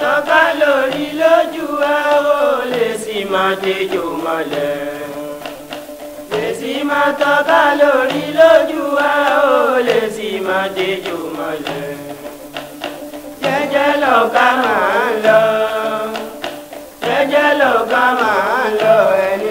tó bá lórí lójú ẹ ó lè sì máa dejò mọ́lẹ̀. lè sì máa tó bá lórí lójú ẹ ó lè sì máa dejò mọ́lẹ̀. jẹ́jẹ́ lọ́ka máa ń lọ jẹ́jẹ́ lọ́ka máa ń lọ ẹni.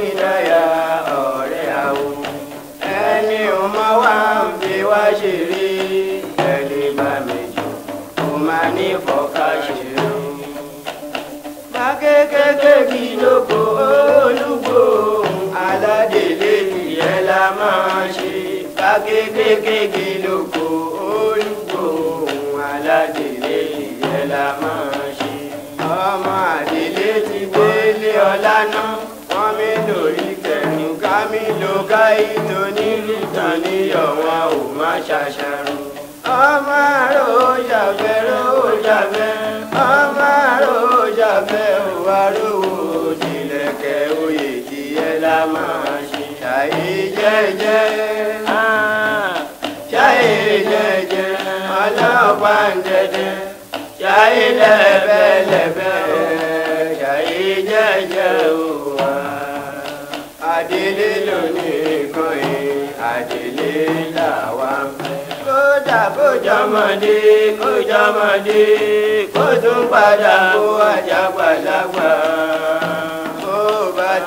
olóko olúgbò aládélé ìyẹn la máa ṣe kákékékéké lóko olúgbò aládélé ìyẹn la máa ṣe. ọmọ àdélé ti gbélé ọlá náà wọ́n mi lórí kẹ̀yìn máa ṣe ṣàyè jẹ́jẹ́ ṣàyè jẹ́jẹ́ ọlọ́pàá ń jẹ́jẹ́ ṣàyè lẹ́bẹ̀lẹ́bẹ̀ ṣàyè jẹ́jẹ́ òwà adélé lónìí kan yìí adélé làwa ń fẹ́ kódà kó jọmọdé kó jọmọdé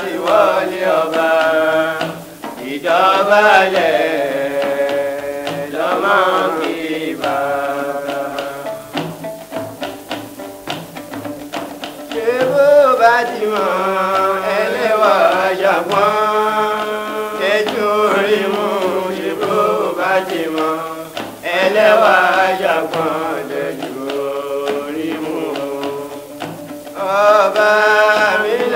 ti wọlé ọba ìdọ̀bálẹ̀ lọ́mọ kí bàbá. ṣé bó bá ti mọ̀ ẹlẹ́wà jàpọ̀n tẹ́jú orí mú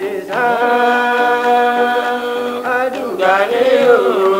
àdìsá àdùgbà ní òru.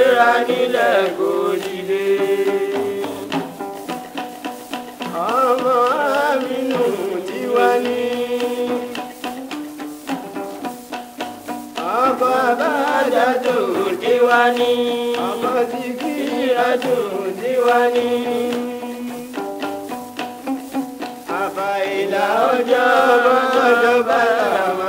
gbéra nílẹ̀ kò dìde. ọmọ Aminu tiwa ní. ọkọ̀ bàdàdò tiwa ní. ọmọ ti kíradò tiwa ní. àbá ìlà ọjọ́ ọmọ ọjọ́ bàtà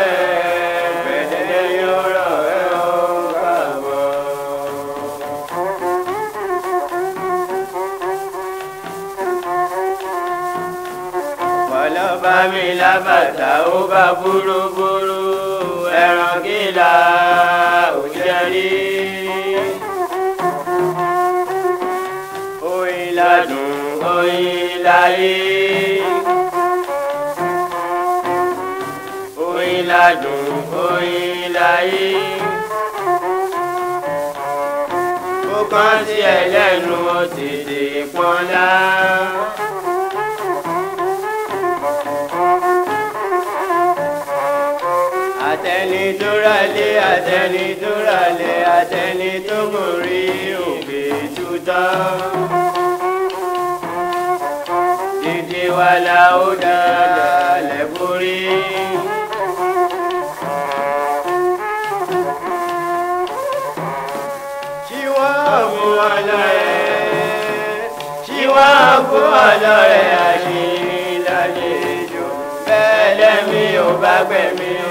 ló bá mi lábàtà ó bá búrúbúrú ẹran gíga ò jẹ́ rí. oyin ládùn oyin láyé. oyin ládùn oyin láyé. ó kàn sí ẹlẹ́nu ó ti dè pọ́nlá. àtẹni tó rálé àtẹni tó rálẹ̀ àtẹni tó gòrí òkè tútọ́. dídí wa la ó dá lẹ́kúrí. ṣíwá kó ọlọ rẹ̀ ṣíwá kó ọlọ rẹ̀ àṣírí o.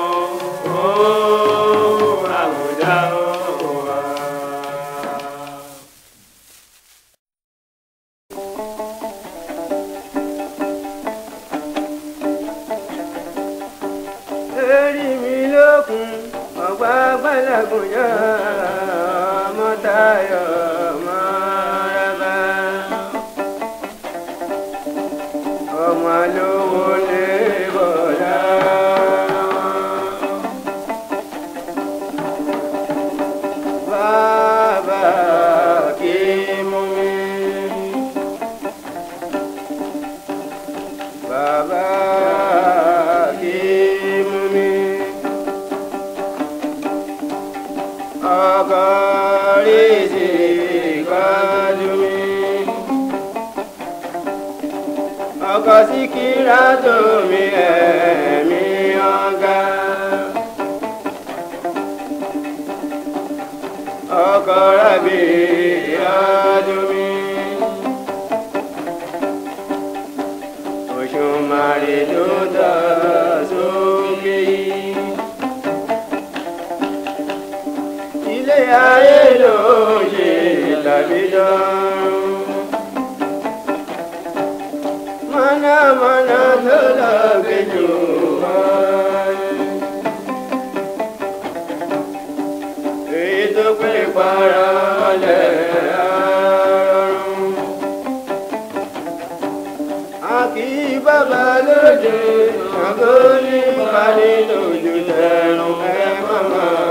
لبنا ọkàrìsì kọjúmi. ọkọ̀ síkírà tó mi ẹ̀mí ọ̀gá. ọkọ̀ rábì ọdúnmi. oṣù ilé ayé lóye tàbí dán. mọ̀nàmọ́ná tó lọ gbẹjọ wọn. èyí tó pè para mọ́lẹ̀ àrùn. a balẹ̀ lójú tẹ̀rùn ẹ̀ mọ̀mọ́.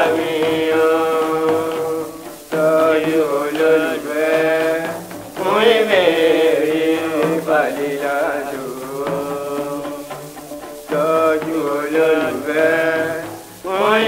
Fadilatu tọ́jú olólùfẹ́ wọ́n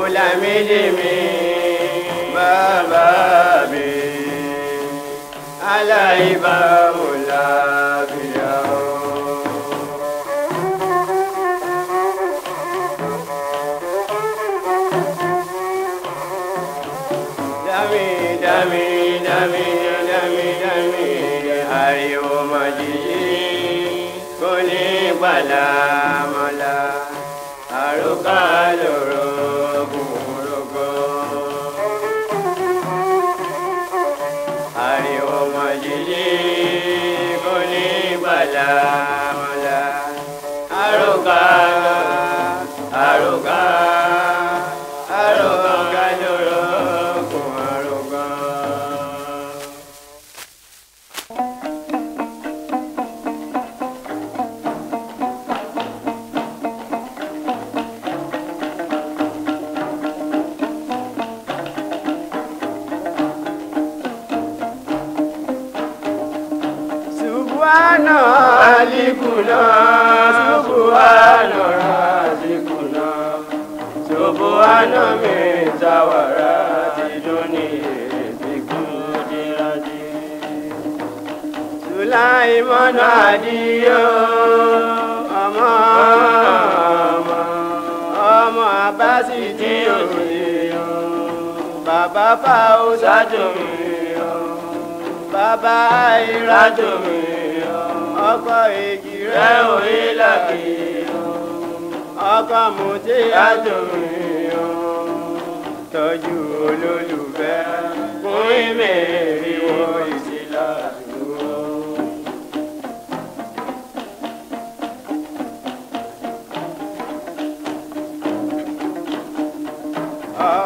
ulamilimi bàbá mi aláìbáwò. Yeah. أنا من زورات دني بقدرتي سليمان عديو أمام أما باسيتي بابا فاوزاتي bàbá ìrajò mi ọkọ̀ èjì rẹ̀ òye làkè ọkọ̀ mu tí a dùn yọ tọ́jú olólùfẹ́ fún ìmẹ̀rí wọ ìsìlá.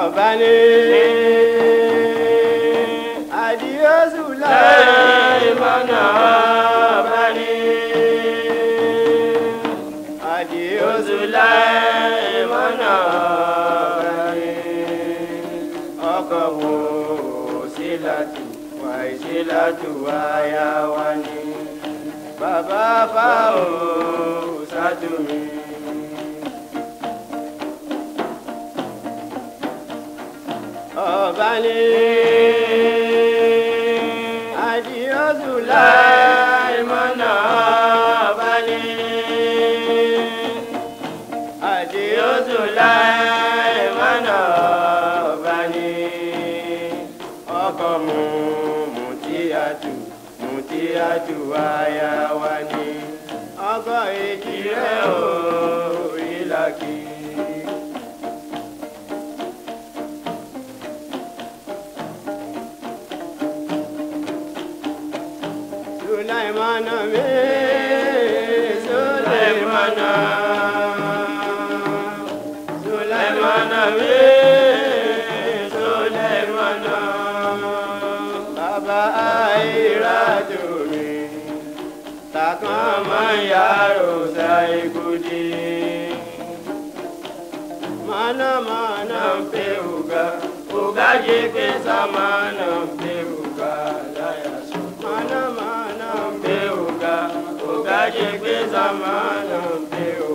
ọ̀bánì àdìyẹ́sù láì mọ̀nà. lájúwà yá wa ni bàbá bá ò ṣáájú mi. ọba ni àdìọ́sù láì mọ́nà ọba ni àdìọ́sù mu mutiatu mutiatu ayawa ni ọkọ ìkìlẹ o ìlàkì. sulaimana mi sulaimana. ìrájò mi takàn máa ń yàrá ọ̀sà ìkúdí. Mànàmáná ń pè ògá, ògá yé pé sàmánà ń pè ògá láyà